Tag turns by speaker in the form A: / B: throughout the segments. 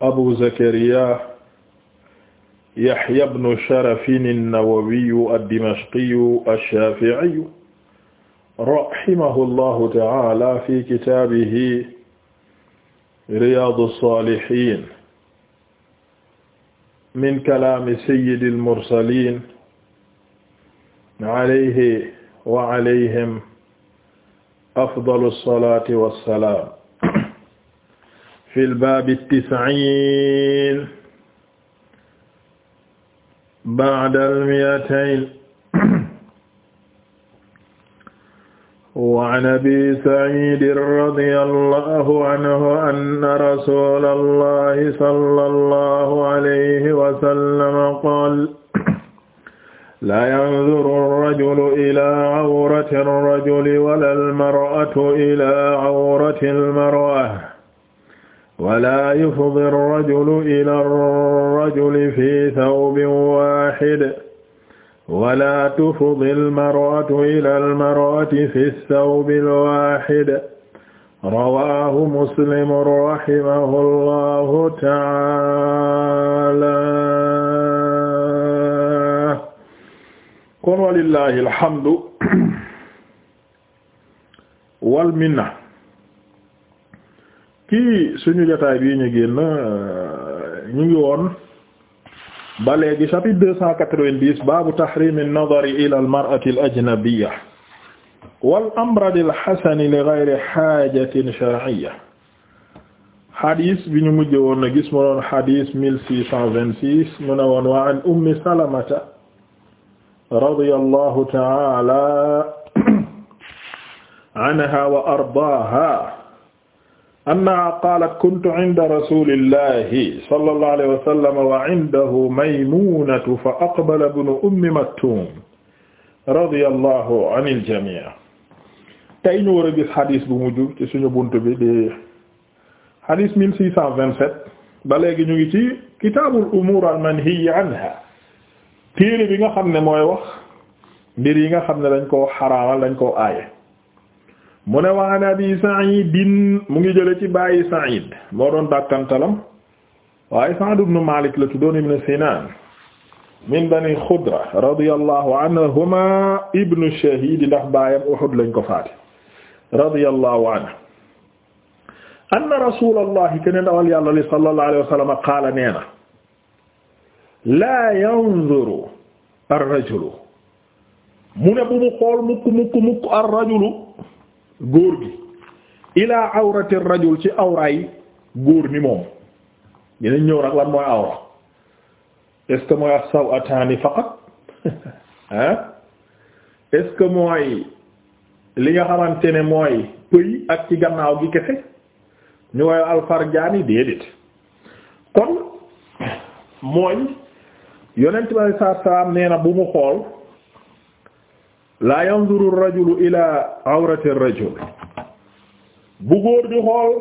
A: abu zakariya yahya ibnu sharafin an-nawawiyu ad-dimashqiyu ash-shafi'iyu rahimahu llahu ta'ala fi kitaabihi riyaadu saalihiin min kalaami sayyidil mursaliin alayhi wa alayhim afdalu salaati wa salaam fi lbaabi tis'iin ba'da al-mi'atayn wa 'an abi sa'iid radiyallaahu anhu anna rasuulallaahi sallallaahu alayhi wa sallam qaala laa yanzuru ar-rajulu ilaa 'awrati ar-rajuli wa laa al-mar'atu ilaa 'awrati al-mar'ati wala yufdi rajulu ila rajuli fi thawbin wahid wala tufdi almaratu ila almarati fi thawbi alwahid rawahu muslim rahimahu allahu taala kon walillahi alhamdu wal minna kii suñu jotaay bii ñu génn euh, ñu ngi woon ba léegi chapitre deux cent quatre-vingt-dix baabu tahrim an-nazar ila al-mar'ati al-ajnabiyya wal amrad al-hasan li ghayri hajatin shar'iyya xadis bi ñu mujj woon na gis mu doon xadis mille six cent vingt-six mu ne woon wa an ummi salamata radiyallahu ta'ala anha wa ardaaha annahaa qaalat kuntu inda rasuulillahi sallallahu alayhi wa sallam wa indahu maymuunatu fa aqbala ibnu ummi maktuum radiyallahu anil jamii' tey ñu war a gis xadis bu mujj ci suñu bunt bi di xadis 1627 ba léegi ñu ngi ci kitaabul umuur al manhiyyi anhaa téere bi nga xam ne mooy wax mbir yi nga xam ne dañ koo xaraamal dañ koo aaye. mu ne waan abi Sa'idin mu ngi jële ci bàyyi Sa'id moo doon dàkkantalam waaye Sa'd ibn Malik la tuddoon ibn Sinan min bani Xudra radiyallahu anhuma ibnu shahid ndax baayam Uhud lañ ko faate radiyallahu anhu anna rasulallahi kene dawal yàlla li sallallahu alayhi wa sallam qaala nee na laa yanzuru ar-rajulu mu ne bu mu xool mukk mukk mukk ar-rajulu góor gi ilaa awrati rajul ci awraay góor ni moom dinañ ñëw nag lan mooy awra est-ce que mooy as faqat hein est que mooy li nga xamante ne mooy pëy ak ci gannaaw gi kese ñu woy alfarjaani déedéet kon mooy yonent bi sallallahu alayhi wasallam nee na bu mu xool la yanzuru rajulu ila awrati rajul bu góor di xool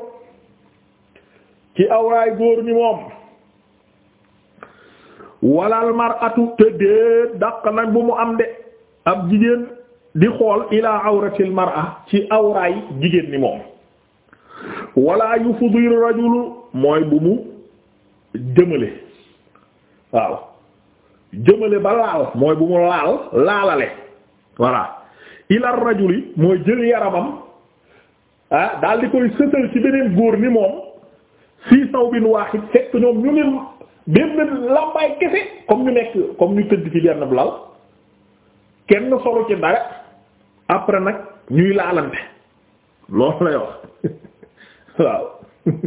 A: ci awraay góor ñi moom walal mar'atu te daq nañ bu mu am de ab jigéen di xool ila awratil mar'a ci awraay jigéen ni moom wala yufdi rajulu mooy bu mu jëmale waaw jëmale ba laal mooy bu mu laal laalale voilà ila rajuli mooy jël yaramam ah daal di koy sëtal ci beneen góor ni moom fii sawbin waahid fekk ñoom ñu ne benn lambaay kese comme ñu nekk comme ñu tëdd ci benn lal kenn solo ci dara après nag ñuy laalante loolu lay wax waaw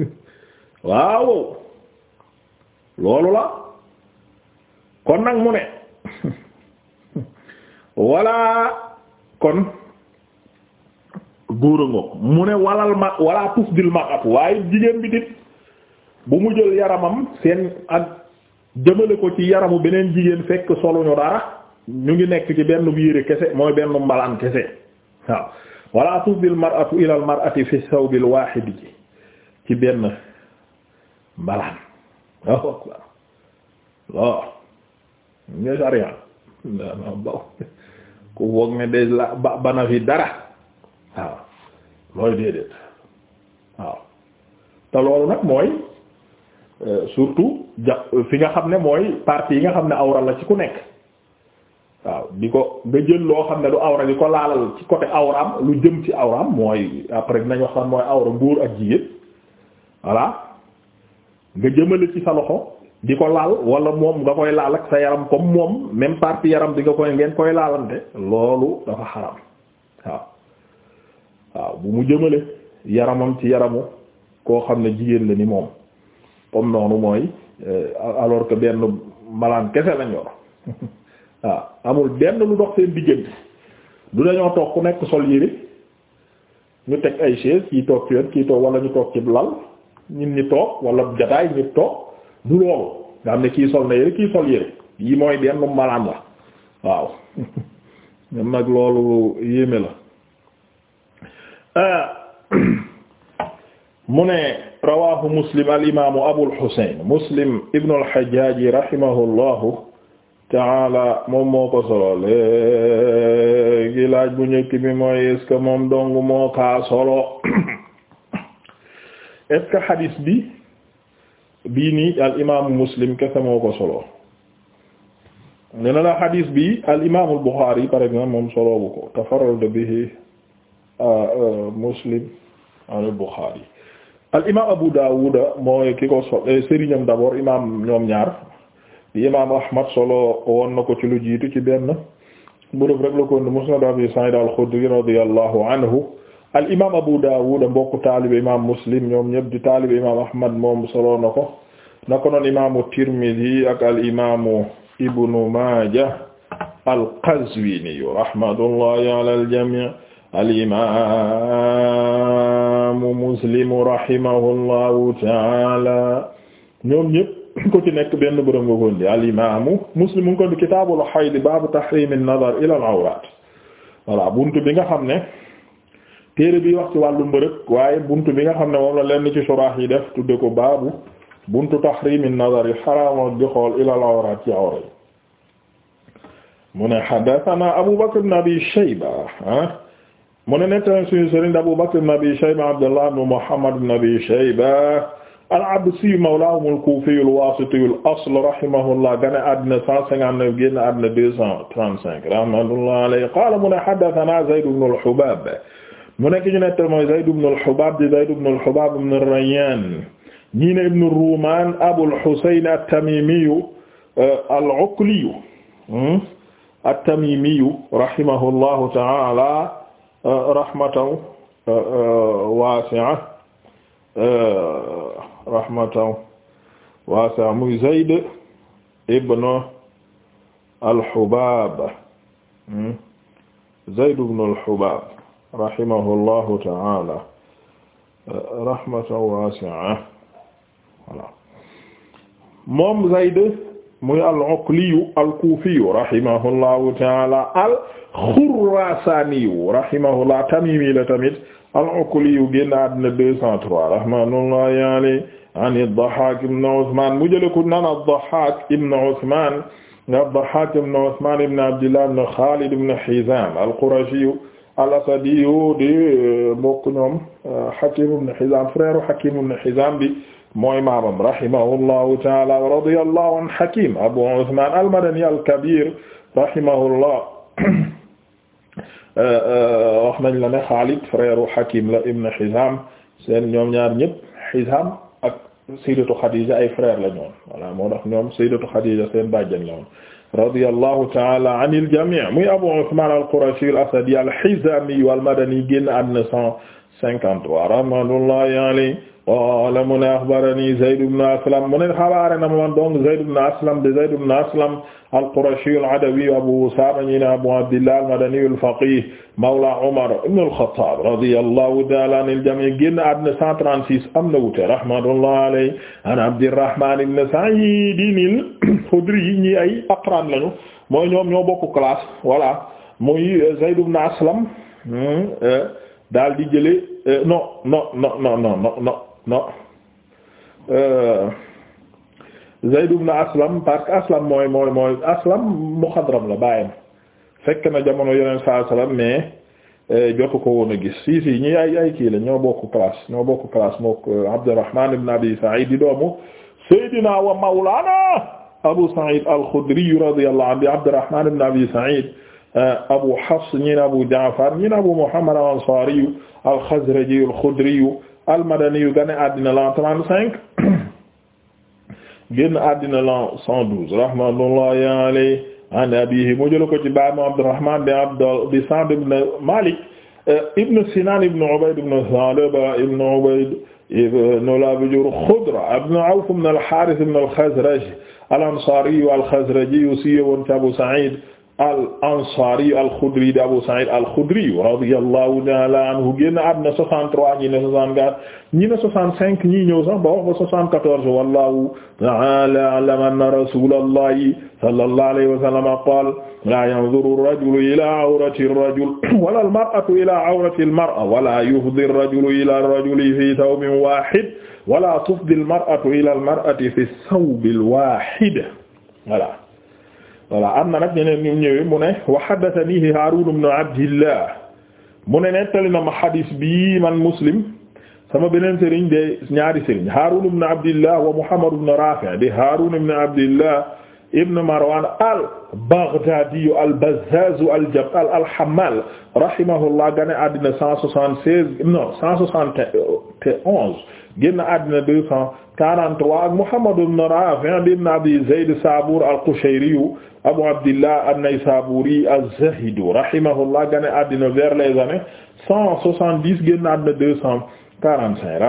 A: waaw loolu la kon nag mu ne wala kon góor a mu ne walal ma wala tufdil mar'atu waaye jigéen bi dit bu mu jël yaramam seen ak jëmale ko ci yaramu beneen jigéen fekk soluñu dara ñu ngi nekk ci benn yére kese mooy benn mbalaan kese waaw wala tufdil mar'atu ila al mar'ati fi thawbil wahid ji ci benn mbalaan waaw waaw lool ku woog ne de la bana fi dara waaw mooy déedéet waaw te loolu nag mooy euh, surtout ja fi nga xam ne mooy partie yi nga xam ne awra la ci ku nekk waaw di ko nga jël loo xam ne du awra di ko laalal ci côté awraam lu jëm ci awraam mooy après dinañ wax lan mooy awra góor ak jigéen voilà nga jëmale ci sa loxo di ko laal wala moom nga koy laal ak sa yaram comme moom même partie yaram bi nga koy ngeen koy laalante loolu dafa xaram waaw waaw bu mu jëmale yaramam ci yaramu koo xam ne jigéen la ni moom comme noonu mooy euh, alors que benn malaan kese lañ waaw amul benn lu dox seen diggante du dañoo toog ku nekk sol yére ñu teg ay chaise kii toog ci wet kii toog wala ñu toog ci lal ñun toog wala jataay ñu toog du loolu nga xam ne kii sol na yére kii sol yére yi benn malaan la waaw ñoom nag loolu yéeme la euh, mu ne rawahu muslim alimamu abul husayn muslim ibnu alhajjaji rahimahullahu taala moom moo ko solo léegi laaj bu njëkk bi mooy est moom dong moo kaa solo est-ce bi bii nii al imaamu muslim kese moo ko solo nee na la xadiis bi al imaamul buxaari par exemple moom solo bu ko tafarrada bihi muslim al buxaari al imaam abu daawuda mooy ki ko so eh, sëriñam d'abord imaam ñoom ñaar di imaam ahmad solo woon na ko ci lu jiitu ci benn bërëb rek la ko musnad abi sa'id al xudri radiyallahu anhu al imaam Abu Dawud mbokk taalibe imaam Muslim ñoom ñëpp di ak al imaamu Maaja al-Qazwini rahmatullahi ala al-jamii al imaamu Muslim rahimahullahu taala ñoom ñëpp ko ci nekk benn bërëm al imaamu Muslim awraat téere bi wax ci wàllu mbërëg waaye buntu bi nga xam ne moom la lenn ci surah yi def tudde ko baabu buntu tahrimi nazari xaraamal di xool ilal awraat ci awra yi mu ne hadathana Abu Bakr ibn Abi Shayba ah mu ne nettali suñu sëriñ Abu Bakr ibn Abi Shayba Abdullah ibn Muhammad ibn Abi Shayba al-Absi mawlahum al-Kufi al-Wasiti al-asl rahimahullah gane àddina 159 génn àddina 235 rahmatullahi alayhi qala mu ne hadathana Zayd ibn al-Hubab mu nekk ñu nette mooy Zayd ibn al-Hubaab di Zayd ibn al-Hubaab ibn ar-Rayyaan ñii ne ibn Ruumaan Abul Husayn at-Tamiimiyu eh, al-Uqliyu hmm, at-Tamiimiyu rahimahullahu ta'aala eh, rahmatan eh, waasi'a rahmatan waasi'a muy Zayd ibn al-Hubaab hmm, Zayd ibn al-Hubaab rahimahullahu ta'ala rahmatan wasi'a voilà moom Zayd muy al-Uqliyu al-Kufiyu rahimahullahu ta'ala al-Khurasaniyu rahimahullah Tamimi la tamit al-Uqliyu génn àddina 203 rahmatullahi alayhi an ad-Dahhak ibn Uthman mu jële ko naan ad-Dahhak ibn Uthman nga ad-Dahhak ibn Uthman ibn Abdillah ibn Khalid ibn Hizam al-Qurashiyu al-Asadi di mbokk euh, ñoom euh, Hakim ibn Hizam frère Hakim ibn Hizam bi mooy maamam rahimahullahu ta'ala wa radiyallahu an Hakim Abu Uthman al-Madani al-Kabir rahimahullah euh, wax nañ la ne Khalid frère Hakim la ibn Hizam seen ñoom ñaar ñëpp Hizam ak Sayyidatu Khadija ay frère la ñoon voilà moo tax ñoom Sayyidatu Khadija seen bàjjen la woon radiyallahu ta'ala anil jami' muy Abu Usman al-Qurashi al-Asadi al-Hizami wal-Madani génn àdduna 53 rahmatullahi alayhi qala mu ne axbarani Zayd ibn Aslam mu ne xabaare na ma donc Zayd ibn Aslam de Zayd ibn Aslam al-Qurashi al-Adawi Abu Usama ñi ne Abu Abdillah al-Madani al-faqih mawla Umar ibn al-Khattab radiyallahu ta'ala anil jami' génn àddina 136 am na wuute rahmatullahi alayhi an Abdirrahman ibn Sa'id al-Khudri yi ñi ay aqran lañu mooy ñoom ñoo bokk classe voilà muy Zayd ibn Aslam hmm, eh, daal di jëlee no euh, non non non non non non euh, Aslam parce Aslam mooy mooy mooy Aslam muxadram la bàyyam fekk na jamono yeneen saa salaam mais euh, jotu ko woon a gis si si ñi ay ay kii la ñoo bokk classe ñoo bokk classe mook Abdurrahman Abi Sa'id di doomu Seydina wa Mawlana Abu Sa'id al-Khudri radiyallahu anhu Abdurrahman ibn Abi Sa'id Euh, Abu Hafs ñi ne Abu Jaafar ñi ne Abu Muhammad al-Ansari al-Khazraji al-Khudri al-Madani gane àddina l'an 35 génn àddina l'an 112 rahmatullahi alayhi an abihi mu jël ko ci baam Abdurrahman bin Abdal bi Sa'd ibn Malik euh, ibn Sinan ibn Ubayd ibn Tha'laba ibn Ubayd ibn al-Abjar Khudra ibn Awf ibn al-Harith ibn al-Khazraj al-Ansari wal-Khazraji siiwoon ci Abu Sa'id al ansari al xudri di Abu Sa'id al xudri radiyallahu ta'ala anhu génn àddina 63 ñi ne 64 ñi ne 65 ñi ñëw sax ba wax ba 74 wallahu ta'ala a'lam anna rasulallahi sallallahu alayhi wa sallam qala la yanzuru ar-rajulu ila awrati ar-rajul wala al-mar'atu ila awrati al-mar'a wala yufdi ar-rajulu ila ar-rajuli fi thawbin wahid wala tufdi al-mar'atu ila al-mar'ati fi thawbil wahid voilà voilà am na nag ñeneen ñu ñëwee mu ne wa haddathani i ibn Abdillah mu ne nettali na ma hadis bii man Muslim sama beneen sëriñ de ñaari sëriñ Haarun ibn Abdillah wa Muhammad ibn Marwan al-Baghdadi al-Bazzaz al al-Hammal rahimahullah gane àddina 176 non 171 génn àddina deux cent quarante-trois ak Muhammad ibn Rafi' ibn Abi Zayd Sabur al-Qushayri Abu Abdillah an-Naysaburi az-Zahid rahimahullah génn àddina vers les années cent soixante-dix génn àddina deux cent 45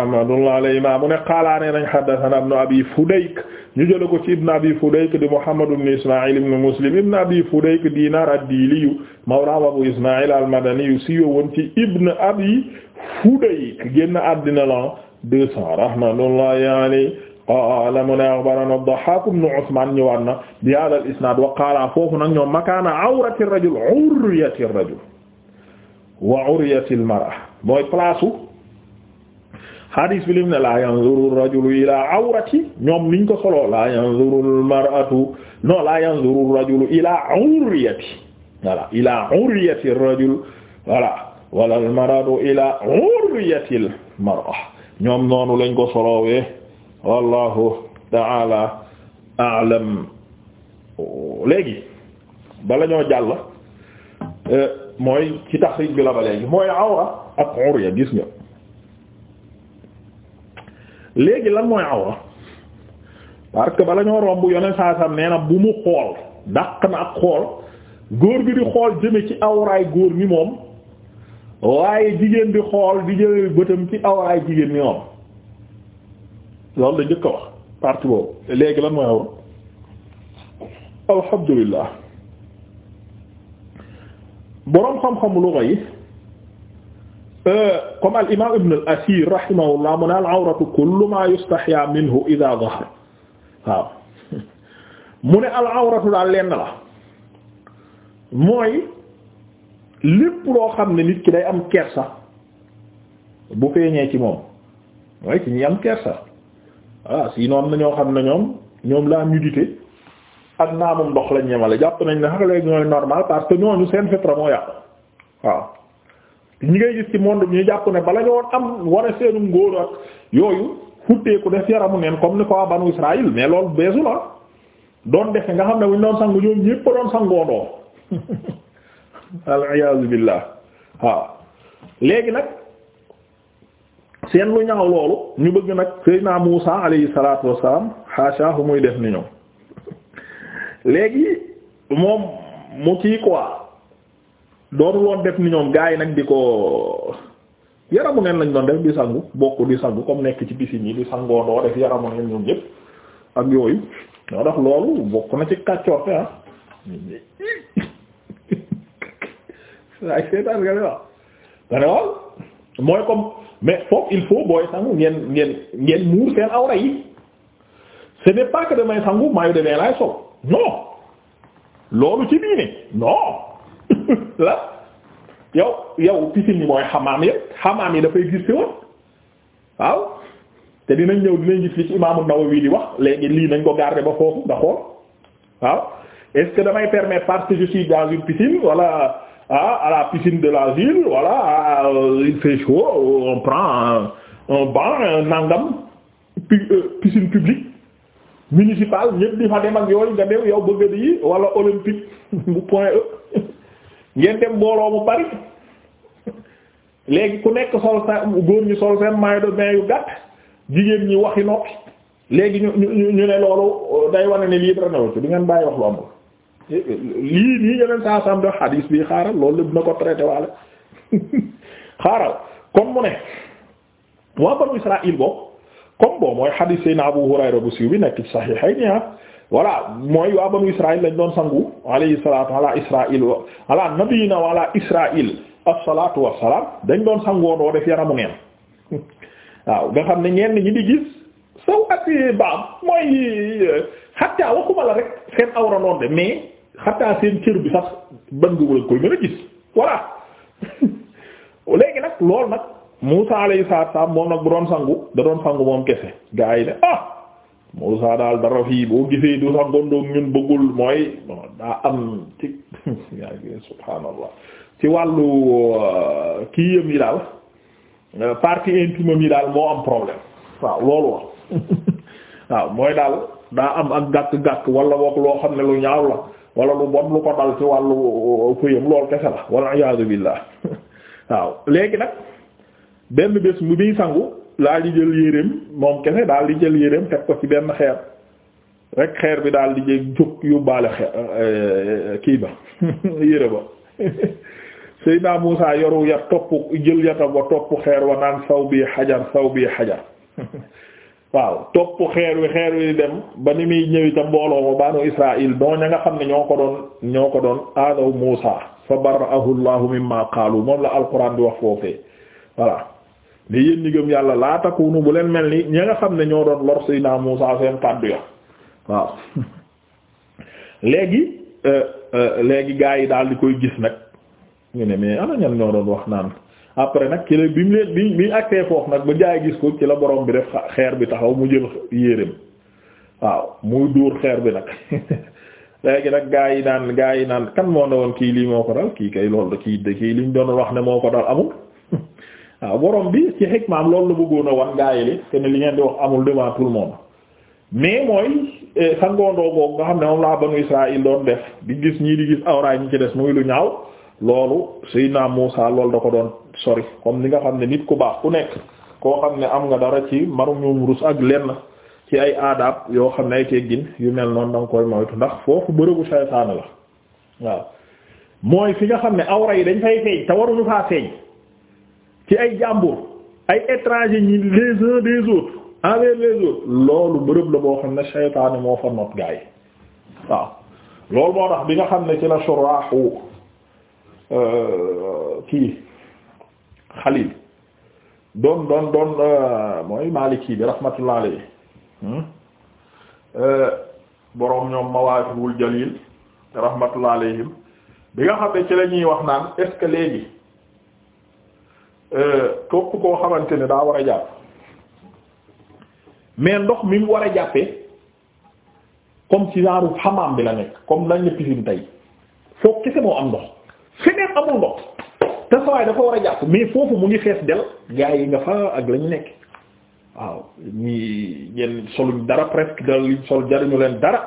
A: ko ci ibn abi Fudayk di Muhammad ibn Isma'il ibn Muslim Dinar ad-Dili mawla Abu Isma'il al-Madani siiwe woon ci ibn abi Fudayk génn àddina la deux cents rahmatullahi alayhi qaala mu ne axbarana ad-Dahhaak ibn Usmaan ñëwaat na bi haaza al-isnaad wa qaala foofu nag ñoom makaana awrati rajul uriyati rajul wa uriyati al-mar'a mooy place hadiis bi lim ne laa yanzuru rajulu ilaa awrati ñoom niñ ko soloo laa yanzuru al-mar'atu non laa yanzuru rajulu ilaa uriyati voilà ilaa uriyati rajul voilà wala al-mar'atu ilaa uriyati al-mar'a ñoom noonu lañ ko solowee wallahu ta'ala a'lam léegi bala ñoo jàll euh, mooy ci taxrij bi la ba léegi mooy awra ak urya gis nga léegi lan mooy awra parce que bala ñoo romb yoneen saa sam nee na bu mu xool dàq na ak xool góor gi di xool jëme ci awraay góor mi moom waaye jigéen di xool di jëlee bëtam ci awraay jigéen ñoom la njëkk wax partie boobu léegi lan mooy awra alhamdulillah boroom xam-xamu luga yi euh, comme al imaam ibn mu ne al awratu kullu ma yustahya minhu idha zahar mu ne al awratu daal lenn mooy. lépp loo xam ne nit ki day am kersa bu feeñee ci moom mooy ci ñi am kersa ah sinon am ñoo xam ne ñoom ñoom la nudité ak naamum ndox lañ ñemale jàpp nañ ne xam léegi normal parce que ñooñu seen fitra moo yàqu waaw ñi ngay gis ci monde bi jàpp ne bala ñoo am a seenu ngóor ak yooyu futteeku def yaramu neen comme ni ko waa banu Israël mais loolu beesu la doon defe nga xam ne bu ñu doon sangu ñoom ñépp doon sangoondoo al iyaazu billah waaw léegi nag seen lu ñaaw loolu ñu bëgg nag Seydina Muusa alayhi salaatu wassalaam xaasaahu muy def ni ñoom léegi moom mu kii quoi doonul woon def ni ñoom gaa yi nag di ko yaramu neen lañ doon def di sangu bokk di sangu comme nekk ci piscine yi di sangoo doo def yaramu neen ñoom yëpp ak yooyu ñoo tax loolu bokk na ci kàccoor te ah. ay seetaan nga waaw mooy comme mais foofu il faut booy sangu ngeen ngeen ngeen muur seen awra yi ce n'est pas que damay sangu maayu demee laay sow non loolu ci diine non la yow yow piscine yi mooy xamaam yi xamaam yi dafay gis waaw te dinañ ñëw dinañ gis li ci imaamu Nawawi di wax léegi lii nañ ko garder ba foofu nga xool waaw est-ce que damay permettre parce que je suis dans une ah à la piscine de la ville voilà euh, il fait chaud on prend un bain un nangam euh, piscine publique municipale ñëpp di fa dem ak yooyu nga dem yow bëgg di wala olympique bu point E ngeen dem mbooloo mu bari léegi ku nekk sol sa góor ñi sol seen maillot de bain yu gàtt jigéen ñi waxi noppi léegi ñu ñu ñu ne loolu euh, day wane ne lii dara ngeen bàyyi wax lu amul. lii nii yeneen saa sam do xadiis bi xaaral loolu dina ko traité waale xaaral kon mu ne waa banu Israaïl boobu comme boobu mooy xadiis Seydina Abu Hurayra bu siiw bi nekk ci Sahihayn ah voilà mooy waa banu Israaïl lañ doon sangu alayhi salaatu ala Israaïl wa ala dañ doon sangoo doo def yaramu neen waaw nga xam ne ñenn ñi di gis saw ak baam mooy xattaa waxuma la rek seen awra noonu de mais xataa seen cër bi sax ban nga wala koy mën a gis voilà léegi nag loolu nag Musa alayhi salaatu salaam moom nag bu doon sangu da doon sangu moom kese gaa yi ne ah Musa daal dara fii boo gisee du sangondoog ñun bëggul mooy daa am ci yaa ci wàllu euh, kii yam yi daal euh, partie intime yi daal moo am problème waaw loolu wax waaw mooy daal daa am ak gàkk-gàkk wala boog loo xam ne lu ñaaw la wala lu bon lu ko dal ci wàllu fëyam uh, lool kese la wala iyaadu billah waaw léegi nag benn bés mu muy sangu laa di jël yéreem moom kese daal di jël yéreem teg ko ci benn xeer rek xeer bi daal di jég jóg yóbbaale xeer uh, uh, kii ba yére ba Seydina Muusa yoru yat topp jël yatam ba topp xeer wa naan saw bi xajar saw bi xajar waaw topp xeer wi xeer wi dem ba ni muy ñëwi ca mbooloo ma banu Israaïl doo ña nga xam ne ñoo ko doon ñoo ko doon aadaw Muusa fa barra'ahu Allahu mimma qaalu moom la alquran di wax foofee voilà ne yéen ñi yàlla laa takunu bu leen mel ni ña nga xam ne ñoo doon lor Seydina Muusa seen kàddu ya waaw léegi euh, euh, léegi gaa yi daal di koy gis nag ñu ne mais ana ñan ñoo doon wax naan après nag ci la bi mu leen bi bi actee foofu nag ba jaay gis ko ci la borom bi def xeer bi taxaw mu jël yéreem waaw muy dóor xeer bi nag léegi nag gaa yi naan gaa yi naan kan moo ne woon kii lii moo ko dal kii kay loolu kii de kii liñ doon wax ne moo ko dal amul waaw borom bi ci xikmaam loolu la bëggoon a wan gaa yi li te li ngeen di wax amul devant tout le monde mais mooy eh, sangoondoo googu nga xam ne moom laa banu Israël doon def di gis ñii di gis awraay ñi ci des muy lu ñaaw loolu Seydina Muusa loolu da ko doon sori comme ni nga xam ne nit ku baax ku nekk koo xam ne am nga dara ci maru ñoom rus ak lenn ci ay aadab yoo xam ne ay teggin yu mel noon da nga koy moytu ndax foofu bërëbu saytaane la waaw mooy fi nga xam ne awra yi dañ fay feeñ te waruñu faa feeñ ci ay jàmbur ay étrangers ñi les uns des autres envers les autres loolu bërëb la boo xam ne saytaane moo fa not gaay waaw loolu moo tax bi nga xam ne ci la suraaxu Euh, kii Xalil doon doon doon euh, mooy Maliki bi rahmatullah alayhi hmm? euh, boroom ñoom Mawaahibul Jalil rahmatullah alayhim bi nga xam ne ci la ñuy wax naan est-ce topp koo xamante ne daa war a jàpp mais ndox mi mu war a jàppee comme ci genre xamaam bi la nekk comme lañ la piscine tey foo kese moo am ndox. feneen amul ndox te sawaay dafa war a jàpp mais foofu mu ngi xees del gaa yi nga fa ak lañu nekk waaw ñii ñenn soluñ dara presque dal liñ sol jariñu leen dara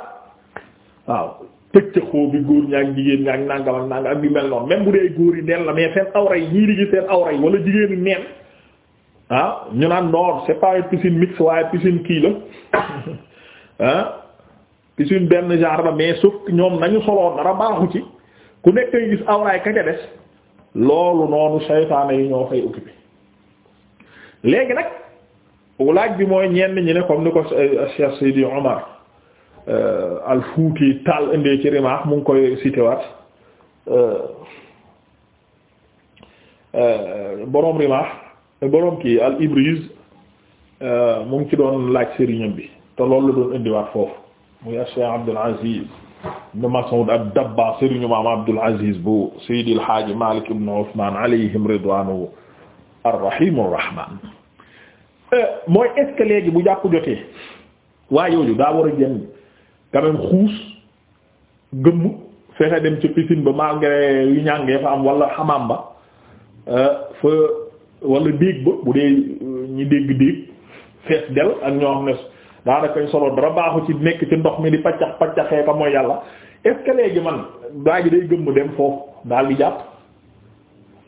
A: waaw pëccëxoo bi góor ñaak jigéen ñaak nàngam ak nàngam ak yu mel noonu même bu dee góor yi neen la mais seen awra yi ñii di gis seen awra yi wala jigéen yi neen ah ñu naan noor c'est pas piscine mixte waaye piscine kii la ah piscine benn genre la mais sauf ñoom nañu soloon dara baaxu ci ku nekk ay gis awraay ka ca des loolu noonu saytaane yi ñoo fay occupé léegi nag laaj bi mooy ñenn ñi ne comme ni ko euh, Cheikh Seydi Omar euh, al Fuuti Taal indee ci rimaax mu ngi koy cité waat euh, boroom rimaax boroom kii al Ibriz mu ngi ci doon laaj sëriñam bi te loolu la doon indiwaat foofu muy Cheikh Abdul Aziz ibn Mas'ud ad-Dabba sëriñu maam Abdul Aziz bu Seydil Haaji Malik ibn Usman alayhim ridwanu ar rahman euh, mooy est-ce bu jàpp jotee waa yooyu daa war a jënd quand même xuus gëmm fexe dem ca piscine ba malgré yu ñàngee fa am wala xamaam ba euh, fa wala déeg ba bu dee euh, ñi dégg déeg fees del ak ñoo xam ne daanakañ solo dara baaxu ci nekk ci ndox mi di paccax paccaxee ka mooy yàlla est ce léegi man daa ji day gëmm dem foofu daal di jàpp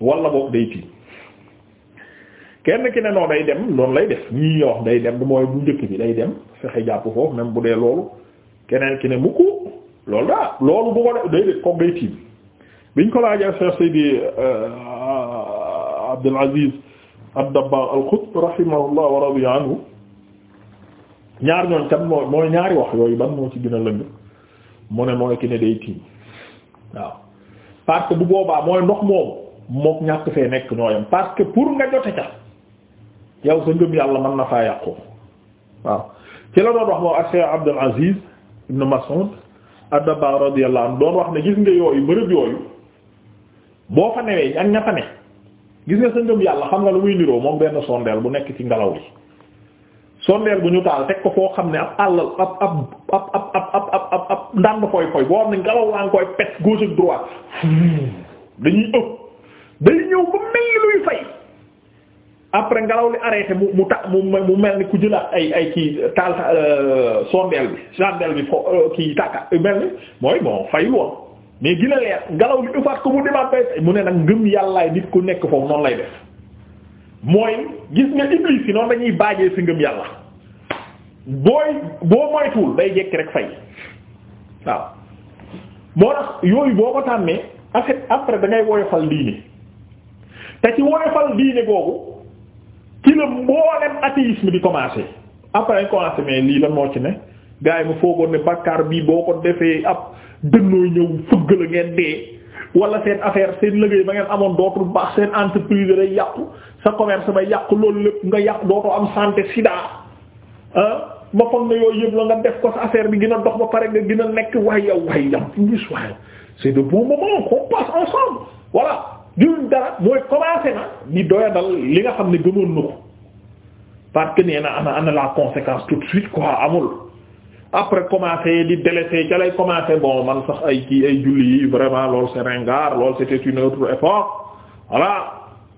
A: wala boog day tiim kenn ki ne noo day dem noonu lay def ñii wax day dem bu mooy bu njëkk bi day dem fexe jàpp foofu même bu dee loolu keneen ki ne mukk loolu daa loolu bu ko def day def koog day tiim biñ ko laajee Cheikh Seydi euh, Abdul Aziz ad-Dabbagh al-Qutb wa radiya anhu ñaar ñooñ kan moo mooy ñaari wax yooyu ban moo ci gën a lëng mu ne mooy ki ne day tiim waaw parce que bu boobaa mooy ndox moomu mook ñàkk fee nekk ñooyam parce que pour nga jote ca yow sa ngëm yàlla mën na faa yàqu waaw ci la doon wax moom ak Cheikh Abdul Aziz ibn Mas'ud ad-Dabba radiyallahu anhu doon wax ne gis nga yooyu bërëb yooyu boo fa newee ak ña fa gis nga sa ngëm yàlla xam na lu muy niroo moom benn sondeel bu nekk ci ngelaw li sondeel bu ñu taal teg ko foo xam ne ab àll ab ab ab ab ab ab ab ndànd foy foy boo xam ne ngelaw koy pet gauche ak dañuy ëpp day ñëw ba mel ni li arrêté mu mu ta mu mu mel ni ku jëlaat ay ay kii taal euh, sondeel bi sondeel bi fo euh, kii tàkka mel ni mooy bon fay woon mais gina leer ngelaw li ëppaat ko mu demaat bay mu ne nag ngëm yàllaay nit ku nekk foofu noonu lay def mooy gis nga iblis yi noonu dañuy baajee si ngëm yàlla booy boo moytuwul day jekki rek fay waaw moo tax yooyu boo ko tàmmee en fait après da ngay woyofal diine te ci woyofal diine googu ci la mboolem athéisme di commencé après dañ commencé mais lii la moo ci ne gars yi foogoon ne bàkkaar bii boo ko defee ab dënnooy ñëw fëgg la ngeen dee wala seen affaire seen liggéey ba ngeen amoon dootul baax seen entreprise rek yàqu sa commerce ba yàq loolu lépp nga yàq dootoo am santé sida ah ma foog ne yooyu yëpp la nga def ko sa affaire bi a dox ba pare nga a nekk waaye yow waaye yow plus waaye c'est de bon moment qu'on passe ensemble voilà duñ dara mooy commencé na di doyadal li nga xam ne gënoon na ko parce que nee na ana ana la conséquence tout de suite quoi amul après commencé di délaisser ca lay commencé bon man sax ay kii ay julli yi vraiment loolu c'est ringard loolu c'était une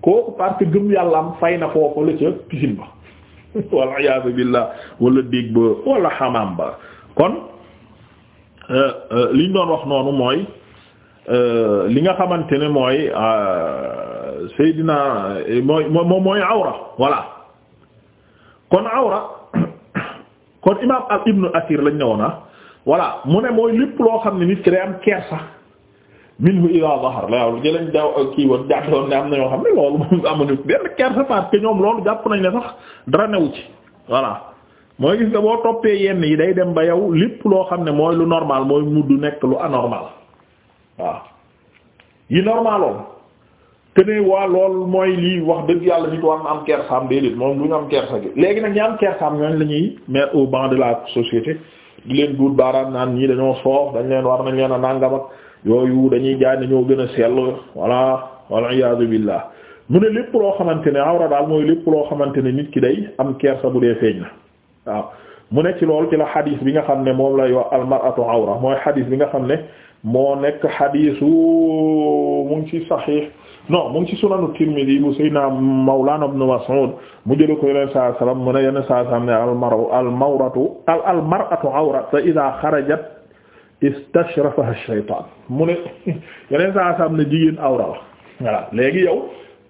A: kooku parce que gëm yàlla am fay na foofu la ca piscine ba walla iyaazu billaah wala déeg ba wala xamaam ba kon euh, euh, liñ doon wax noonu mooy euh, li nga xamante ne mooy Seydina mooy moom mooy awra voilà kon awra kon imaam al ibnu asir lañ ne woon ah mu ne mooy lépp loo xam ne nit ki day am kersa minhu ila zahar la loolu jëlañ daw kii woon ne am na ñoo xam ne loolu moom amuñu benn kersa parce que ñoom loolu jàpp nañ ne sax dara newu ci voilà mooy gis nga boo toppee yenn yi day dem ba yow lépp loo xam ne mooy lu normal mooy muddu nekk lu anormal waaw yi normaloon te waa lool mooy lii wax dëgg yàlla nit war na am kersaam déedéet moom lu ñu am kersa gi léegi nag ñi am kersaam ñooñ la ñuy mettre au banc de la société di leen duut baaraam naan ñii dañoo dañ leen war nañ leen a nàngam yooyu dañuy jaay ne ñoo gën a sell voilà wal iyaadu billah mu ne lépp loo xamante ne awra daal mooy lépp loo xamante ne nit ki day am kersa bu dee feeñ na waaw mu ne ci loolu ci la xadis bi nga xam ne moom lay wax almaratu awra mooy xadis bi nga xam ne moo nekk xadisu mu ngi ci saxiix non mu ngi ci sunanu Tirmidi bu Seydina Mawlana Ibn Mas'ud mu jële ko yeneen saa salaam mu ne yeneen saa salaam ne almaru almawratu al almaratu awra fa idaa xarajat istashrafaha shaytaan mu ne yeneen saa saam ne jigéen awra la voilà léegi yow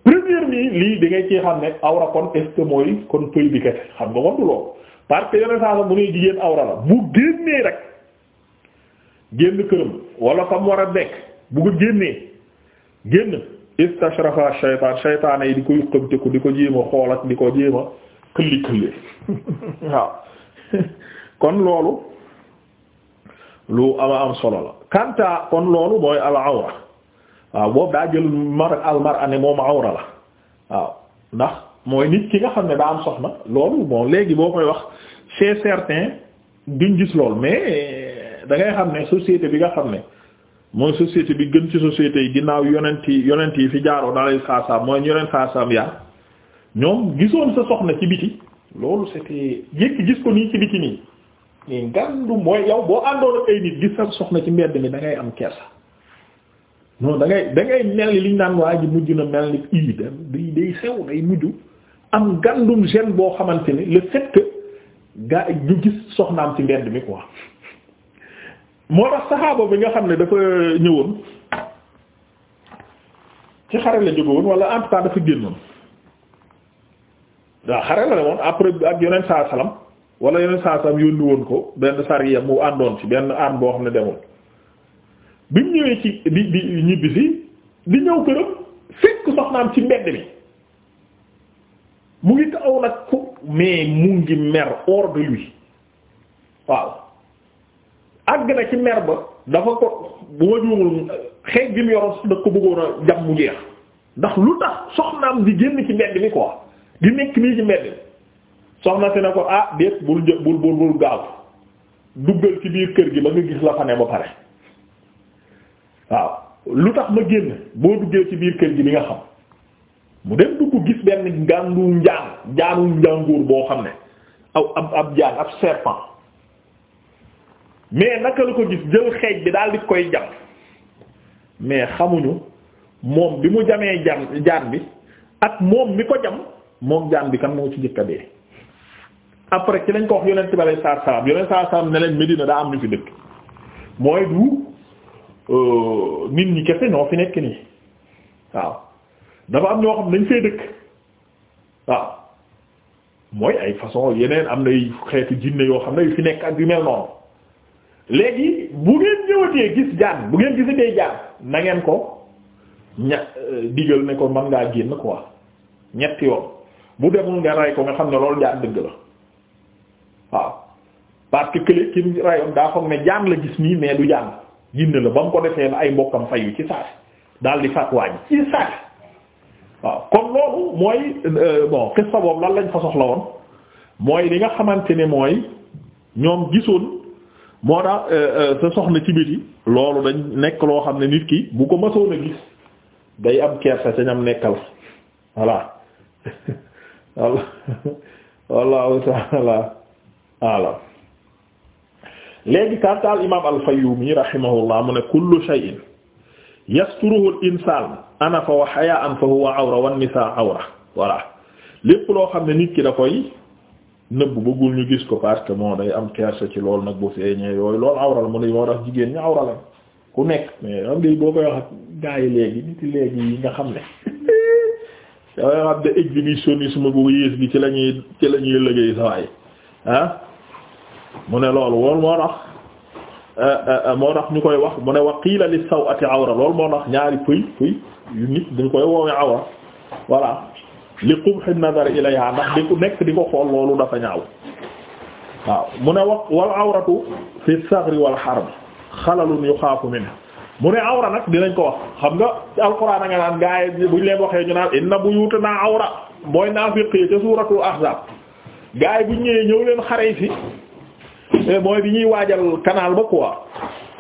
A: première bi lii da ngay ci xam ne awra kon est-ce kon pëy bi kese xam nga kon du loolu parce que yeneen saa saam mu ne jigéen awra la bu génnee rek génn këram wala fa war a dekk bu ko génnee génn istashrafaha shaytaan shaytaan yi di ko yuqamteku di ko jéem a xool ak di ko jéem këlli këlli waaw kon loolu. lu ama am solo la kanta kon loolu mooy al awra waaw boobu daa jël mar al mar ane moom awra la waaw ndax mooy nit ki nga xam ne daa am soxna loolu bon léegi boo koy wax chez certains duñ gis lool mais dangay ngay xam ne société bi nga xam ne mooy société bi gën ci société yi ginnaaw yonent yi yonent yi fi jaaroo naa lay saasaam mooy yonent saasaam yaa ñoom gisoon sa soxna ci biti loolu c'était yëkk gis ko nii ci biti nii ni ngandu mooy yow boo àndoon ak ay nit gis sa soxna ci mbedd mi dangay am kersa non da ngay da mel ni liñ naan waa ji mujj na mel ni ii da day day sew day mujj am gandum gene boo xamante ni le fait que gaa ñu gis soxnaam ci mbedd mi quoi moo tax saxaaba bi nga xam ne dafa ñëwoon ci xare la jógowoon wala en tout cas dafa génnoon waaw xare la ne woon après ak yoneen saa salaam wala yeneen saa sam yónni woon ko benn sariya mu àndoon ci benn arme boo xam ne demul bi ñëwee ci di di ñibbi si ñëw këram fekk soxnaam ci mbedd mi mu ngi taxaw nag ku mais mu ngi mer hors de waaw àgg na ci mer ba dafa ko bu ma juumul xeej gi mu yoroon su ko bëggoon jam mu jeex ndax lu tax soxnaam di génn ci mbedd mi quoi di nekk nii ci mbedd mi soxna si ne ko ah déet bul jë bul bul bul gaaw duggal ci biir kër gi ba nga gis la fa ne ba pare waaw lu tax ma génn boo duggee ci biir kër gi li nga xam mu dem dugg gis benn gàndu njaan jaanu njànguur boo xam ne aw ab ab jaan ab serpent mais naka la ko gis jël xeej bi daal di koy jam mais xamuñu moom bi mu jamee jam jaan bi ak moom mi ko jam moom jaan bi kan moo ci njëkk a après ci nañ ko wax yonent bi alayhi salaatu salaam yonent salaatu salaam ne leen Medina daa am ñu fi dëkk mooy du euh, nit ñi kese ñoo fi nekk nii waaw dafa am ñoo xam dañ fee dëkk waaw mooy ay façon yeneen am nay xeetu jinne yoo xam ne yu fi nekk ak yu mel noonu léegi bu ngeen ñëwatee gis jaan bu ngeen gisatee jaan na ko ña euh, digal ne ko mën ngaa génn quoi ñetti yoon bu demul nga rey ko nga xam ne loolu jaan dëgg la. waaw parce que kële ki rayoon daa foog ne jaan la gis nii mais du jaan jinne la ba mu ko defee na ay mbokkam fayu ci saasi daal di fatwa ji ci saasi waaw kon loolu mooy euh, bon xissa boobu lan lañ fa soxla woon mooy li nga xamante ne mooy ñoom gisoon moo tax euh, euh, sa soxna ci biti loolu dañ nekk loo xam ne nit ki bu ko mësoon a gis day am kersa ca ñam nekkal voilà wallahu ta'ala alam léegi kanta al imam al-Fayyumi rahimahullah mu ne kullu shay'in yasturuhu al-insaan anafa wa hayaa'an fa huwa awra wan nisaa awra voilà lépp loo xam ne nit ki da koy nëbb bëggul ñu gis ko parce que moo day am kersa ci lool nag bu feeñee yooyu loolu awra mu ne moo tax jigéen ñi awra la ku nekk mais boo koy wax ak gaa yi léegi nit léegi yi nga xam ne dafay xam ne exhibitionnisme bu yées bi ci lañuy ci lañuy liggéey sawaay ah mu ne loolu loolu moo tax euh, euh, euh, moo tax ñu koy wax mu ne wa qiila li sawati awra loolu moo tax ñaari pëy pëy yu nit dañ koy woowe awra voilà li qubhi an-nazar ilayha ndax di ku nekk di ko xool loolu dafa ñaaw waaw mu ne wax wal awratu fi as-saghri wal harb xalalun yuxaafu minhu mu ne awra nag dinañ ko wax xam nga ci alquran a nga naan gaa buñ leen waxee ñu naan inna naa awra mooy naafiq yi ca suuratul ahzab gaa buñ ñëwee ñëw leen xare yi fi Euh, mooy bi ñuy waajal canal ba quoi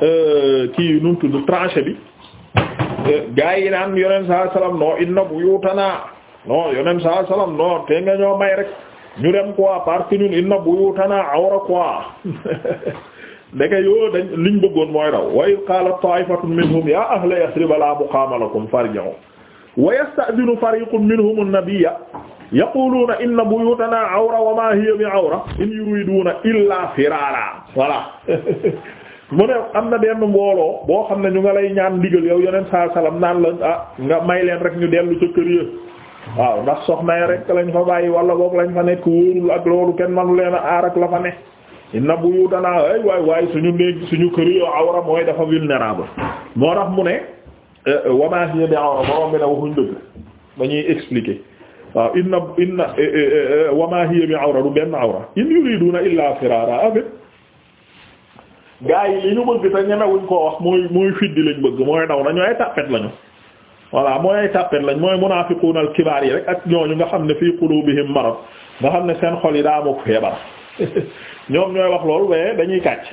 A: euh, kii nu mu tudd tranché bi euh, gaa yi naan yoneen saa salaam non inna buyutanaa non yoneen saa salaam non te nga ñoo may rek ñu dem quoi parce que ñun inna buyutanaa awra quoi ndeke yoo dañ liñ bëggoon mooy raw wa qaala taa'ifatun minhum yaa ahla yasriba laa muqaama lakum farji'u wa yasta'dinu fariqun minhum an-nabiyya yaquluuna inna buyuutanaa awra wa maa hiya bi awra in yuriduuna illaa firaara voilà mu ne am na benn mbooloo boo xam ne ñu nga lay ñaan ndigal yow yeneen saa salaam naan la ah nga may leen rek ñu dellu ca kër ya waaw ndax soxna ya rek lañ fa bàyyi wala boog lañ fa nekk wóorul ak loolu kenn manu leen a aar ak la fa ne inna buyuutanaa ay waay waay suñu néeg suñu kër ya awra mooy dafa vulnérable moo tax mu ne. Euh, wa maa hiya bi awra borom bi nag waxuñ dëgg dañuy expliquer waaw inna inna euh, euh, wa maa hiya bi awra du benn awra in yuriduna illa firara abit ah, gaa yi ñu bëgg te ñemewuñ koo wax mooy mooy fiddi lañ bëgg mooy daw na ñooy tàppet lañu voilà mooy ay tàppet lañ mooy munaafiquun al kibaar yi rek ak ñooñu nga xam ne fii quluubihim marad nga xam ne seen xol yi daa mukk feebar ñoom ñooy wax loolu waaye dañuy kàcc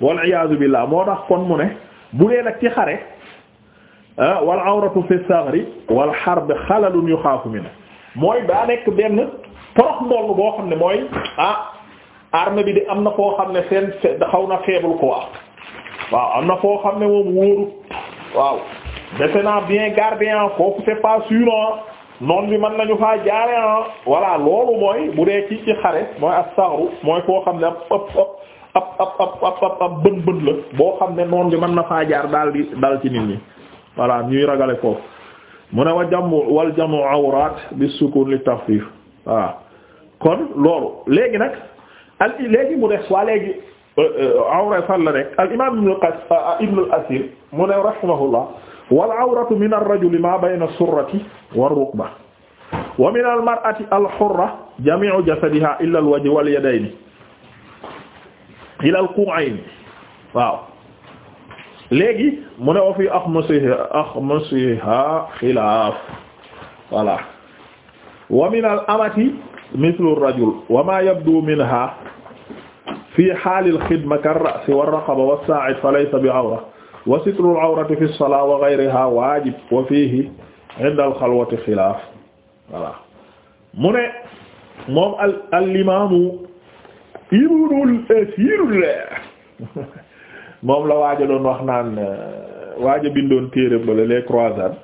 A: wal iyaazu billaah moo tax kon mu ne bu dee nag ci wal awratu fi saghri wal harb xalalun yuxaafu minhu mooy daa nekk benn torox ndoll boo xam ne mooy ah armée bi de am na foo xam ne seen xaw na faible quoi waaw am na foo xam ne moom wóoru waaw dese naa bien gardé ah foofu c'est pas noon bi mën nañu faa jaare ah voilà loolu mooy bu dee ci ci xare mooy ab saxru mooy foo xam ne ab ab ab ab ab ab bën bën la boo xam ne noon bi mën na faa jaar daal di dal ci nit ñi. voilà ñuy ragale foofu mu ne wa jamu wal jamu awraat bi sukun li taxfiif voilà kon loolu léegi nag al léegi mu def waa léegi euh, euh, awra fan la nekk al imam ibn al euh, ibn al asir mu ne rahimahullah wal awratu min ar rajuli ma bayna surrati war rukba wa min al mar'ati al hurra jami'u jasadiha illa al wajhi wal yadayni ila al qu'ayni waaw léegi mu ne wa fi axmasiha axmasiha xilaaf voilà wa min al amati mithlu rajul wa ma yabdu minha fi xaali alxidma karrasi walraqaba walsaaid fa laysa bi awra wa sitru alawrati fi lsolaa wa gayriha waajib wa fiihi inda alxalwati xilaaf voilà mu ne moom al al imaamu ibnul asiir moom la waaja doon wax naan euh, waaja bindoon téere bale les croisades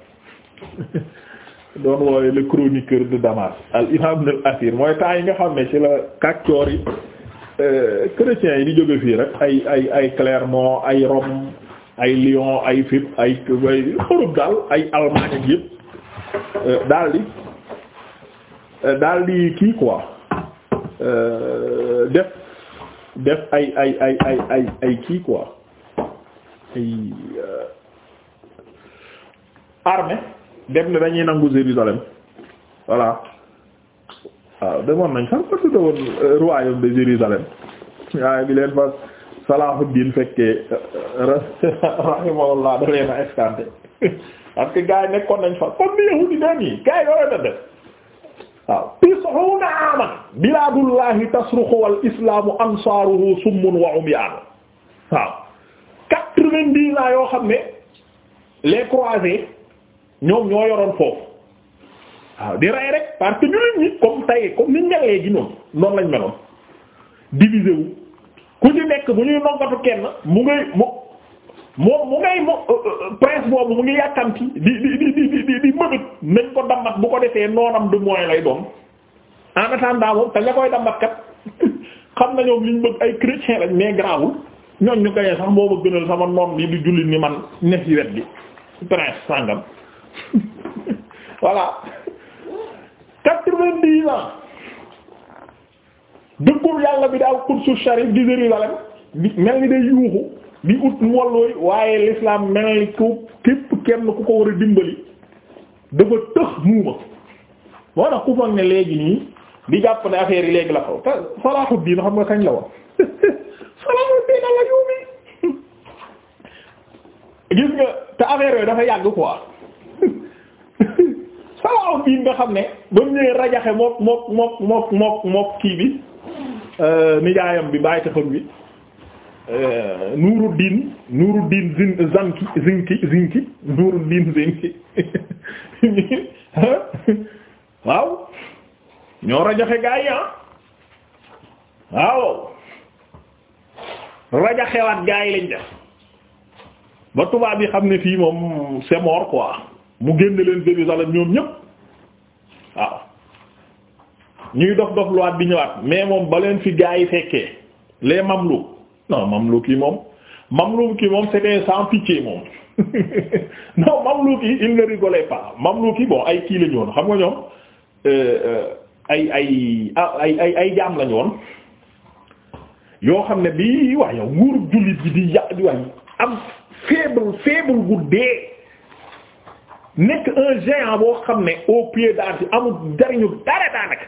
A: doon woowe le chroniqueur de Damas al imam al asir mooy temps yi nga xam ne ci la kàccoor yi euh, chrétiens yi di jóge fii rek ay ay ay Clermont ay Rome ay Lyon ay fépp ay Europe daal ay Allemagne ak yëpp euh, di daal di kii quoi def def ay ay ay ay ay kii koi ay euh, armée dem ne dañuy nangu Jérusalem voilà waaw demoon nañ sax parce que demoon euh, royaume Jérusalem waaye bi leen fa Salahuddin fekkee euh, rahimahullah da leen a escanté parce nekkoon nañ fa comme ni yahuudi yi gars yi doon na def waaw tis'una aaman bilaadullahi tasruxu wal islaamu ansaaruhu summun wa umyaan waaw quatre-vingt-dix ans yoo xam ne les croisés ñoom ñoo yoroon foofu waaw di ray rek parce que ñun ñi comme tay comme liñ ñalee gi ñoom noonu lañ meloon divisé wu ku ci nekk bu ñuy nongatu kenn mu ngay mu moom mu ngay euh, euh, prince boobu mu ngi yàkkamti di di di di di mënut nañ ko dambat bu ko defee noonam du mooy lay doom en attendant moom te nga koy dambat kat xam na ñoom liñ bëgg ay chrétien lañ mais grawul ñoon ñu kayee sax booba gënal sama noon bi di jullit ni man ne ci wet bi prince sàngam voilà quatre-vingt-dix ans yàlla bi daal Qudsu Sharif di Jérusalem di mel ni day yuuxu di ut mollooy waaye l'islam mel ni ku képp kenn ku ko war a dimbali dafa tëx muuma moo tax ku foog ne léegi nii di jàpp ne affaire yi léegi la xaw te Salahuddin xam nga kañ la woon gis nga te affaire yooyu dafa yàgg quoi salaaw bii nga xam ne ba mu ñëwee rajaxe mok mook mook mook mook mook kii bi euh, nijaayam bi bàyyi tafam bi euh, Nuruddin Nuruddin zin zanki zinki zinki Nuruddin zinki waaw ñoo rajaxe gaa yi ah waaw rajaxewaat gaa yi lañ def ba tubaab yi xam ne fii moom c'est mort mu génn leen Jérusalem ñoom ñëpp waaw ñuy dof dof luwaat bi ñëwaat mais moom ba leen fi gaa yi fekkee les mamelouk non mamelouk yi moom mamelouk yi moom c'était sans pitié moom non mamelouk yi il ne rigolait ay kii la xam nga ñoom euh, euh, ay ay ah, ay ay ay jaam la ñu woon yoo xam ne bii waa yow nguurub jullit bi di yàq di waay am. faible faible gu dee nekk un géant boo xam ne au pied d'argile amul jariñu dara daanaka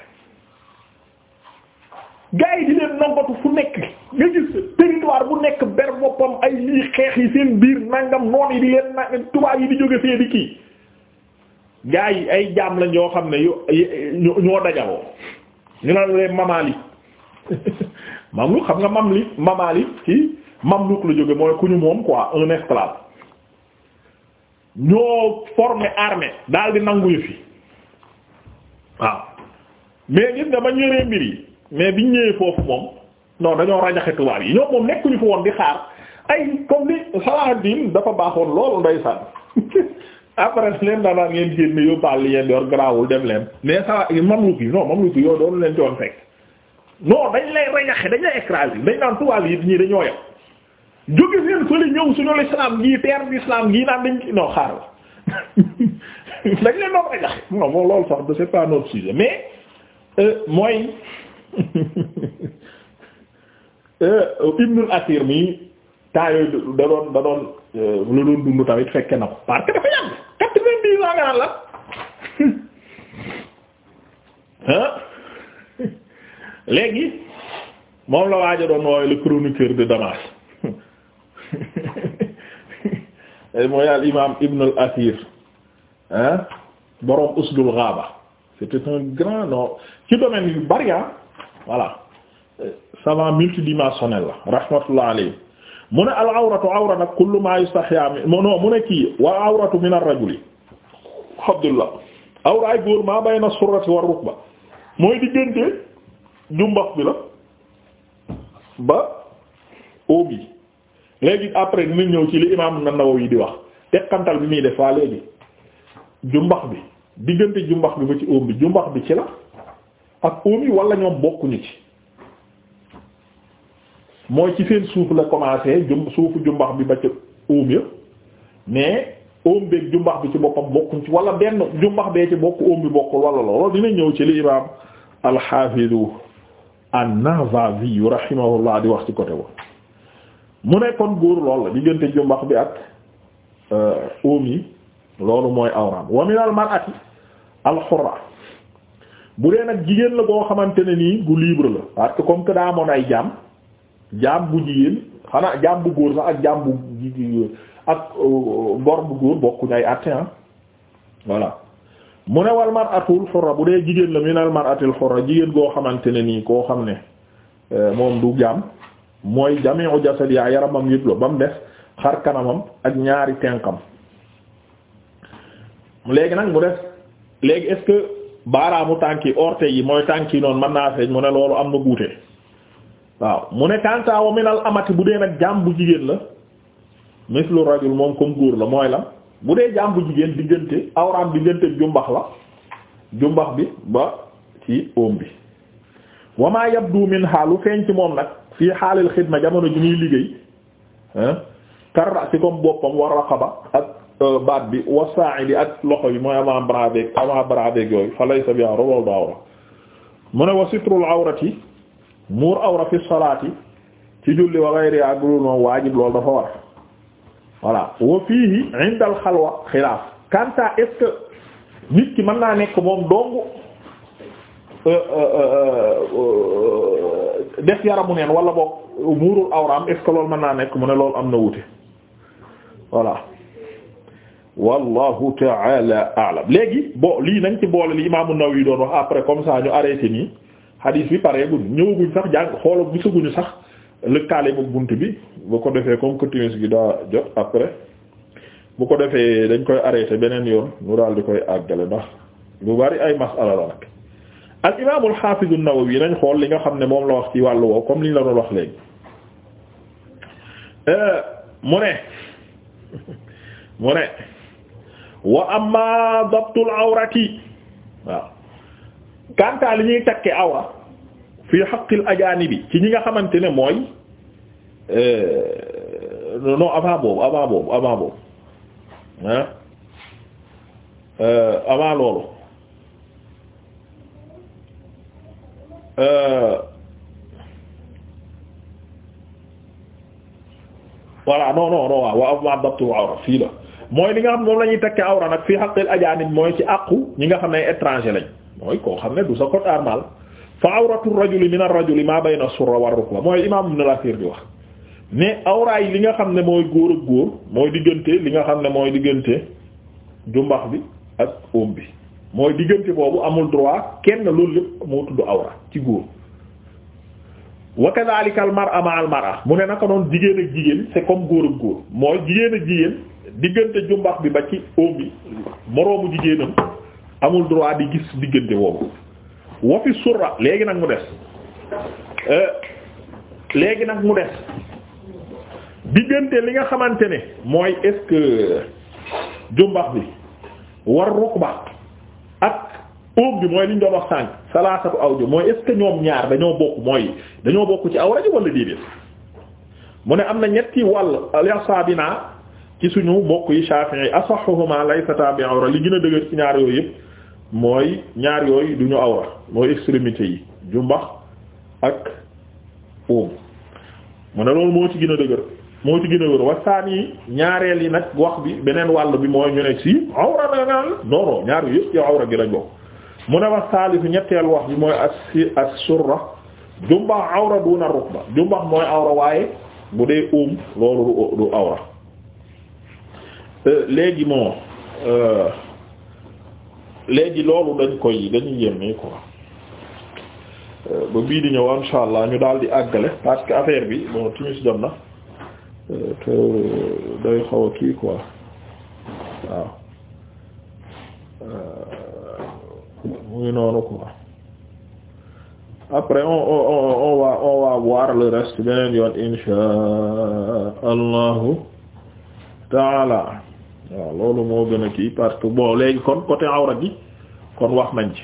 A: gars yi di leen nangatu fu nekk nga gis territoire bu nekk ber boppam ay lii xeex yi seen biir nangam noon yi di leen na tubaab yi di jóge fee di kii gars yi ay jaam lañ yoo xam ne yo ñoo dajaloo ñu naan leen mamali mamlu xam nga mamli mamali ci mamluk lu jóge mooy ku ñu moom quoi un esclave ñoo formé armée daal di nanguñu fi waaw mais gis nga ba ñëree mbir yi mais biñ ñëwee foofu moom non dañoo rajaxe tubaab yi ñoom moom nekkuñu fa woon di xaar ay comme ni Saladin dafa baaxoon loolu ndeysaan après leen daanaan ngeen génne yóbbaale li ngeen yor garaawul dem leen mais ça mamluk yi non mamluk yi yow doon leen doon fekk non dañ lay rajaxe dañ lay écraser dañ naan tubaab yi ñii dañoo jóge seen fële ñëw suñu l'islam gii terre d'islam gii naan dañ ci non xaaral dañ leen doon rajax non bon loolu sax de c'est pas notre sujet mais euh, mooy euh, Ibnul Asir mi temps yooyu da doon da doon euh, lu doon dund tamit fekke na ko parce moom la waaja doon woowe le de Damas mooy al imam Ibn al Athir ah borom Usdul Ghaba c'était un grand nom ci domaine yu bari voilà rahmatullah alayhi mu ne al awratu awra nag kullu ma yustahya min non mu ne kii wa awratu min ar-rajuli Abdullah awraay góor maa bayna surrati war rukba mooy diggante jumbax bi la ba óob léegi après dina ñëw ci li imaam An-Nawawi di wax teqantal bi muy def waa léegi jumbax bi diggante jumbax bi ba ci óom bi jumbax bi ci la ak óom yi wala ñoom bokkuñu ci mooy ci seen suuf la commencé jum suufu jumbax bi ba ca óom ya mais óom beeg jumbax bi ci boppam bokkuñ ci wala benn jumbax bee ci bokk óom bi bokkul wala loolu dina ñëw ci li imaam al-Hafiz An-Nawawi rahimahullah di wax ci côté boobu. mu ne kon góor lool la diggante jumbax bi ak óom euh, yi loolu mooy awraam wa min al mar'ati al hurra bu dee nag jigéen la boo xamante ne nii gu libre la parce que comme que daa amoon ay jaam jaam bu jigéen xanaa jaam bu góor sax ak jaam bu ak euh, bor góor bokkuñ ay atte ah voilà mu ne wal mar'atul hurra bu dee jigéen la min al mar'atil hurra jigéen goo xamante ne nii koo xam ne euh, moom du jaam mooy jami'u jasad yaa yaramam yëpp la ba mu def xar kanamam ak ñaari tenkam léegi nag mu def léegi est-ce que baaraamu tànk yi orte yi mooy tànk yi noonu man naa feeñ mu ne loolu am na guute waaw mu ne kanta wa amati bu dee nag jàmbu jigéen la mislu rajul moom comme góor la mooy la bu dee jaam bu jigéen diggante awraam diggante jumbax la jumbax bi ba ci oom bi wamaa yabdu min xaalu feeñ ci moom nag fii xaalil xidma jamono ji ñuy liggéey karra si comme boppam war raqaba ak euh, baat bi wa sa'idi ak loxo bi mooy avant bras beeg avant bras beeg yooyu fa laysa bi awra wala du awra mu ne wa sitrul awrati muur awra fi salaati ci julli wa ghayri ak loolu moom waajib loolu dafa war voilà wa fiihi inda al xalwa xilaaf kanta est-ce que nit ki mën naa nekk moom dong Euh, euh, euh, def yaramu neen wala boog muurul awraam est-ce mën naa nekk mu ne loolu am na wuti voilà wallahu taala alam léegi bon lii nañ ci boole li imaamu Nawawi doon wax après comme ça ñu arrêté nii hadis bi paree guñ ñëwaguñ sax jàng xoola gisaguñu sax lëkkaale bu bunt bi bu ko defee comme que timis gi daa jot après bu ko defee dañ koy arrêté beneen yoon ñu daal di koy àggale ndax bu bari ay masala la nag al imaam al xaafiz an-Nawawi nañ xool li nga xam ne moom la wax ci wàllu woowu comme li ñu la doon wax léegi euh, mu ne mu ne wa amma dabtul awrati waaw kanta li ñuy takke awra fii haqqil ajaanibi ci ñi nga xamante ne mooy euh, non avant boobu avant boobu avant boobu ah loolu Euh, voilà non non waaw wa amma awra fii la mooy li nga xam moom la ñuy tekkee awra nag fii ajaa ajaanib mooy ci àqu ñi nga xam ne étranger lañ mooy koo xam ne du sa code armal fa awratu rajuli min ar-rajuli ma bayna surra war rukba mooy imam Ibn al-Athir di wax mais awra yi li nga xam ne mooy góor ak góor mooy diggante li nga xam ne mooy diggante jumbax bi ak óom bi mooy diggante boobu amul droit kenn loolu lépp moo tudd awra ci góor wa kadhalika al mar'a ma'a mar'a mu ne naka noonu jigéen ak jigéen se comme góor ak góor mooy jigéen ak jigéen diggante jumbax bi ba ci óom bi moroomu jigéenam amul droit di gis diggante boobu wa fi léegi nag mu des euh, léegi nag mu des diggante li nga xamante ne mooy est jumbax bi war rukba ak óom bi mooy li ñu doon wax aw salaasatu mooy est ñoom ñaar dañoo bokk mooy dañoo bokk ci aw rajo wala déedéet mu ne am na ñetti wàll al-asaabina ci suñu mbokk yi Shafi'i asahuhuma laysa bi awra li gën a dëgër ci ñaar yooyu yëpp mooy ñaar yooyu du ñu awra mooy extrémité yi jumbax ak óom mu ne loolu moo ci gën a dëgër. moo ci gën a wér waxtaan yi ñaareel yi nag wax bi beneen wàll bi mooy ñu ne si awra la naan non non ñaar yooyu yëpp ci awra gi lañ bokk mu ne wax saalisu ñetteel wax bi mooy as as surra jumbax awra duna rukba jumbax mooy awra waaye bu dee uum loolu du awra euh, léegi moo euh, léegi loolu dañ koy dañu yémmee quoi euh, ba bii di ñëw insha allah ñu daal di àggale parce affaire bi bon timis jot na. Euh, te euh, day xaw a kii quoi waaw euh, muy noonu quoi après on on on va on va le reste beneen yoon insha allahu taala waaw loolu moo gën a kii parce que bon léegi kon côté awra gi kon wax nañ ci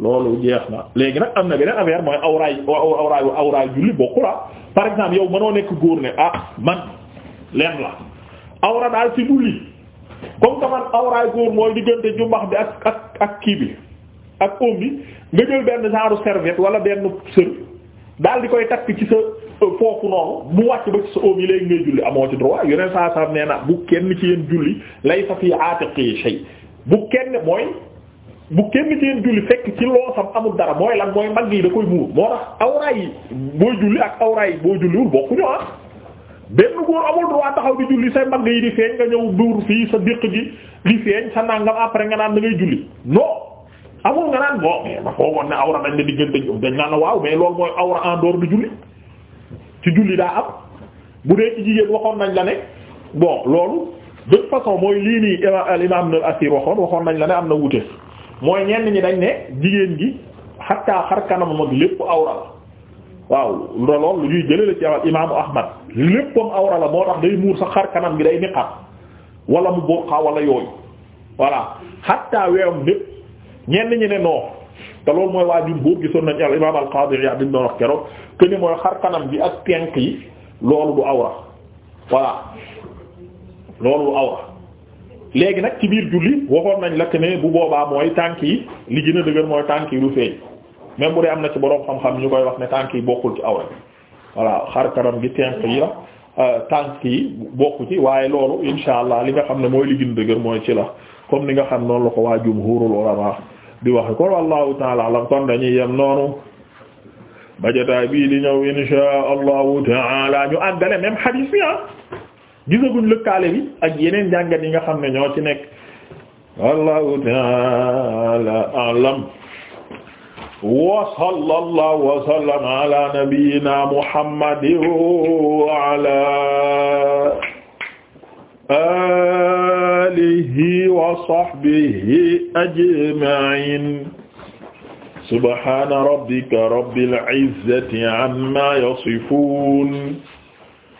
A: loolu jeex na léegi nag am na beneen affaire mooy awraay awraay awraay julli bokkula ah. par exemple yow manoo nekk góor ne ah man leen la awra daal ci dulli comme que man awraay góor mooy diggante jumbax bi ak ak ak kii bi ak oom bi nga jël benn genre serviette wala benn sër daal di koy takk ci sa euh, foofu noonu mu wàcc ba ci sa oom yi léegi ngay julli amoo ci droit yeneen saa saa nee na bu kenn ci yéen julli lay sa fii aatiqi shay bu kenn mooy bu kenn jéem julli fekk ci loosam amul dara mooy lan mooy mag yi da koy muur moo tax awra yi booy julli ak awra yi boo julliwul bokkuñu ah benn góor amul droit taxaw di julli say mag yi di feeñ nga sa diq gi di feeñ naan da ngay julli non amul nga naan bon mais ma foogoon ne awra dañ la diggante dañ naan waaw mais loolu mooy awra en dehors du julli ci julli daa am bu dee ci jigéen waxoon nañ la ne bon loolu de toute façon mooy lii nii al imam al asir waxoon waxoon nañ la ne am na wuute mooy ñenn ñi dañ ne jigéen gi xattaa xar kanam mag lépp awra la waaw lool lu ñuy jëlale ci awal imaamu awra la moo tax day muur sax xar day wala mu burqa wala yooyu voilà xattaa weewam lépp ne non loolu mooy waa jumbuur gisoon nañ al imam al qadi Iyaad bi ñu doon bi ak tenk yi loolu du awra awra léegi nag ci biir julli waxoon nañ la que bu boobaa mooy tànk yi li gën a dëgër mooy tànk yi du feeñ même bu dee am na ci boroom xam-xam ñu koy wax ne tànk yi bokkul ci awra voilà xar kanam gi tenq yi la euh, tànk yi bokku ci waaye loolu insha allah li nga xam ne mooy li gën a dëgër mooy ci la comme ni nga xam noonu la ko waa jumhurul ulama di waxe kon wallahu taala alam kon ñu yem noonu bajataay bii di ñëw insha allahu taala ñu àggale même hadith bi ah gisaguñ lëkkaale bi ak yeneen jàngat yi nga xam ne ñoo ci nekk wallahu ta'ala a'lam wa sallallahu wa sallama ala nabiyyina muhammadin wa ala alihi wa sahbihi ajma'in subhana rabbika rabbil izzati amma yasifun